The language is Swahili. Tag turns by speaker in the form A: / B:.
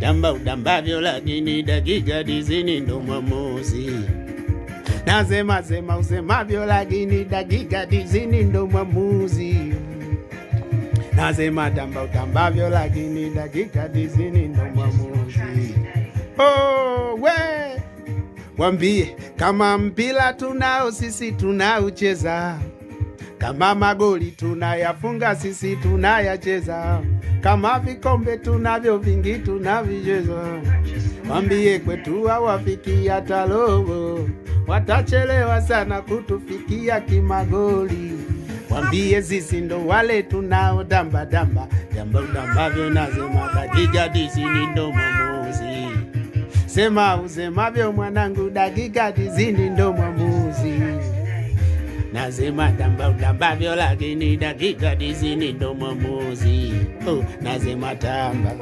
A: damba udambavyo, lakini dakika tisini ndo mwamuzi. Nasema usemavyo, lakini dakika tisini ndo mwamuzi. Nasema damba udambavyo, lakini dakika tisini ndo mwamuzi. Oh, we wambie kama mpila tunao sisi tunaucheza kama magoli tunayafunga sisi tunayacheza, kama vikombe tunavyo vingi tunavicheza. Wambie kwetu hawafiki hata robo, watachelewa sana kutufikia kimagoli. Wambie sisi ndo wale tunao damba damba damba damba vyo nasema dakika tisini ndo mwamuzi. Sema usemavyo mwanangu, dakika tisini ndo mwamuzi nasema tambavyo lakini dakika dizini ndo mwamuzi. Oh, nasema tamba